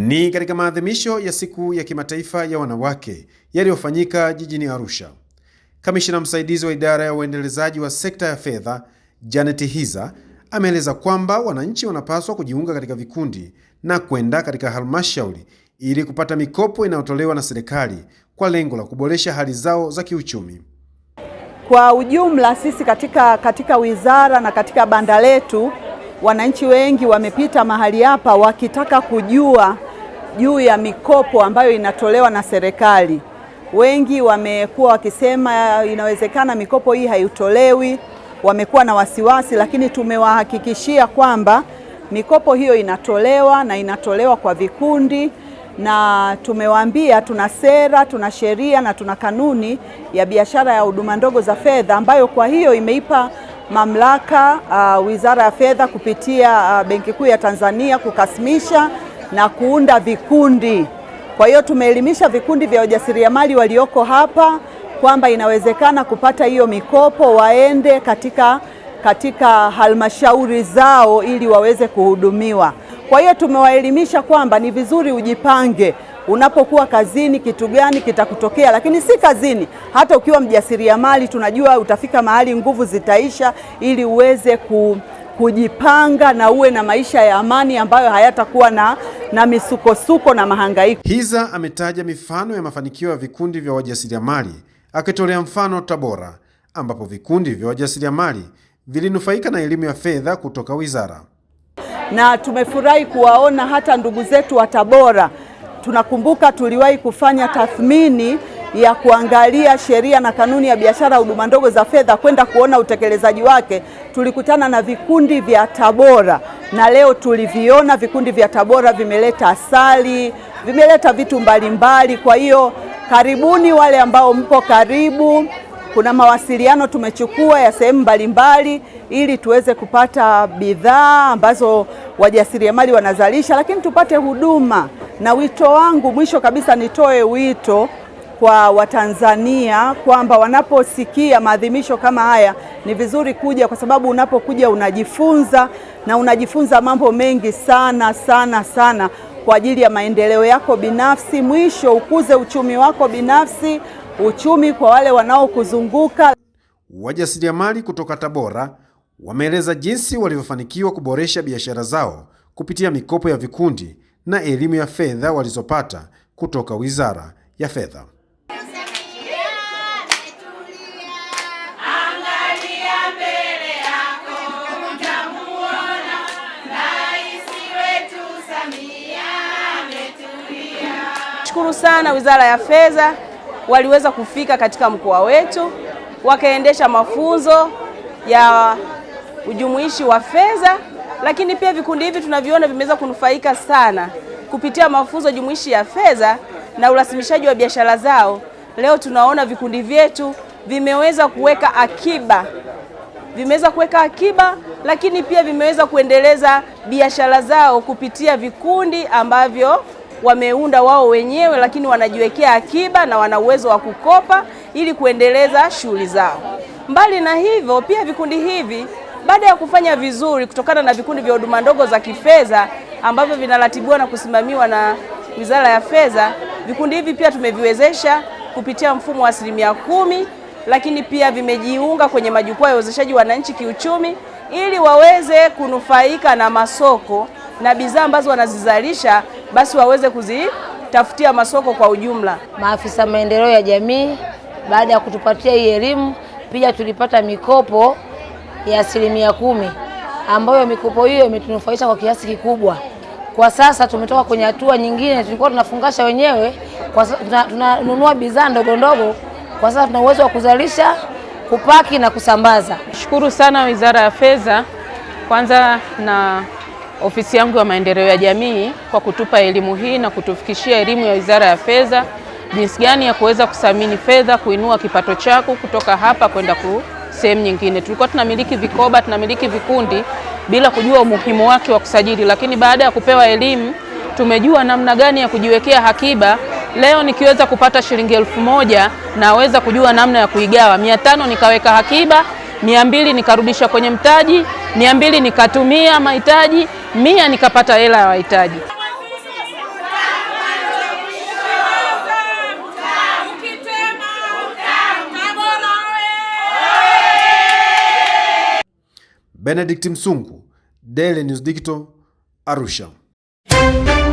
Ni katika maadhimisho ya siku ya kimataifa ya wanawake yaliyofanyika jijini Arusha. Kamishina msaidizi wa idara ya uendelezaji wa sekta ya fedha, Janet Hiza, ameeleza kwamba wananchi wanapaswa kujiunga katika vikundi na kwenda katika halmashauri ili kupata mikopo inayotolewa na serikali kwa lengo la kuboresha hali zao za kiuchumi. Kwa ujumla, sisi katika, katika wizara na katika banda letu wananchi wengi wamepita mahali hapa wakitaka kujua juu ya mikopo ambayo inatolewa na serikali. Wengi wamekuwa wakisema inawezekana mikopo hii haitolewi, wamekuwa na wasiwasi, lakini tumewahakikishia kwamba mikopo hiyo inatolewa na inatolewa kwa vikundi, na tumewaambia tuna sera, tuna sheria na tuna kanuni ya biashara ya huduma ndogo za fedha ambayo kwa hiyo imeipa mamlaka uh, Wizara ya Fedha kupitia uh, Benki Kuu ya Tanzania kukasimisha na kuunda vikundi. Kwa hiyo tumeelimisha vikundi vya wajasiriamali walioko hapa kwamba inawezekana kupata hiyo mikopo, waende katika, katika halmashauri zao ili waweze kuhudumiwa. Kwa hiyo tumewaelimisha kwamba ni vizuri ujipange unapokuwa kazini, kitu gani kitakutokea, lakini si kazini, hata ukiwa mjasiriamali tunajua utafika mahali nguvu zitaisha, ili uweze ku, kujipanga na uwe na maisha ya amani ambayo hayatakuwa na na misukosuko na mahangaiko. Hiza ametaja mifano ya mafanikio ya vikundi vya wajasiriamali akitolea mfano Tabora ambapo vikundi vya wajasiriamali vilinufaika na elimu ya fedha kutoka wizara, na tumefurahi kuwaona hata ndugu zetu wa Tabora. Tunakumbuka tuliwahi kufanya tathmini ya kuangalia sheria na kanuni ya biashara huduma ndogo za fedha kwenda kuona utekelezaji wake, tulikutana na vikundi vya Tabora na leo tuliviona vikundi vya Tabora vimeleta asali, vimeleta vitu mbalimbali. Kwa hiyo karibuni wale ambao mpo karibu. Kuna mawasiliano tumechukua ya sehemu mbalimbali ili tuweze kupata bidhaa ambazo wajasiriamali wanazalisha, lakini tupate huduma. Na wito wangu mwisho kabisa, nitoe wito kwa Watanzania kwamba wanaposikia maadhimisho kama haya ni vizuri kuja, kwa sababu unapokuja unajifunza na unajifunza mambo mengi sana sana sana kwa ajili ya maendeleo yako binafsi, mwisho ukuze uchumi wako binafsi, uchumi kwa wale wanaokuzunguka. Wajasiriamali kutoka Tabora wameeleza jinsi walivyofanikiwa kuboresha biashara zao kupitia mikopo ya vikundi na elimu ya fedha walizopata kutoka Wizara ya Fedha. tunashukuru sana Wizara ya Fedha waliweza kufika katika mkoa wetu wakaendesha mafunzo ya ujumuishi wa fedha, lakini pia vikundi hivi tunaviona vimeweza kunufaika sana kupitia mafunzo jumuishi ya fedha na urasimishaji wa biashara zao. Leo tunaona vikundi vyetu vimeweza kuweka akiba, vimeweza kuweka akiba, lakini pia vimeweza kuendeleza biashara zao kupitia vikundi ambavyo wameunda wao wenyewe, lakini wanajiwekea akiba na wana uwezo wa kukopa ili kuendeleza shughuli zao. Mbali na hivyo, pia vikundi hivi baada ya kufanya vizuri kutokana na vikundi vya huduma ndogo za kifedha ambavyo vinaratibiwa na kusimamiwa na Wizara ya Fedha, vikundi hivi pia tumeviwezesha kupitia mfumo wa asilimia kumi, lakini pia vimejiunga kwenye majukwaa ya uwezeshaji wananchi kiuchumi ili waweze kunufaika na masoko na bidhaa ambazo wanazizalisha basi waweze kuzitafutia masoko kwa ujumla. Maafisa maendeleo ya jamii baada ya kutupatia hii elimu, pia tulipata mikopo ya asilimia kumi ambayo mikopo hiyo imetunufaisha kwa kiasi kikubwa. Kwa sasa tumetoka kwenye hatua nyingine, tulikuwa tunafungasha wenyewe, kwa sasa tunanunua bidhaa ndogo ndogo. Kwa sasa tuna uwezo wa kuzalisha, kupaki na kusambaza. Shukuru sana Wizara ya Fedha kwanza na ofisi yangu ya maendeleo ya jamii kwa kutupa elimu hii na kutufikishia elimu ya Wizara ya Fedha, jinsi gani ya kuweza kusamini fedha, kuinua kipato chako kutoka hapa kwenda ku sehemu nyingine. Tulikuwa tunamiliki vikoba, tunamiliki vikundi bila kujua umuhimu wake wa kusajili, lakini baada ya kupewa elimu tumejua namna gani ya kujiwekea hakiba. Leo nikiweza kupata shilingi elfu moja naweza kujua namna ya kuigawa, mia tano nikaweka hakiba, mia mbili nikarudisha kwenye mtaji, mia mbili nikatumia mahitaji mia nikapata hela ya wahitaji. Benedict Msungu, Daily News Digital, Arusha.